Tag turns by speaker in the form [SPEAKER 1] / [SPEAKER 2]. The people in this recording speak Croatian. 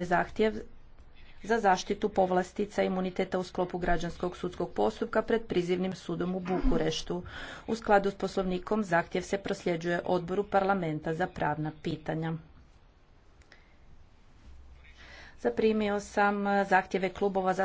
[SPEAKER 1] zahtjev za zaštitu povlastica imuniteta u sklopu građanskog sudskog postupka pred prizivnim sudom u Bukureštu. U skladu s poslovnikom zahtjev se prosljeđuje odboru parlamenta za pravna pitanja. Zaprimio sam zahtjeve klubova za...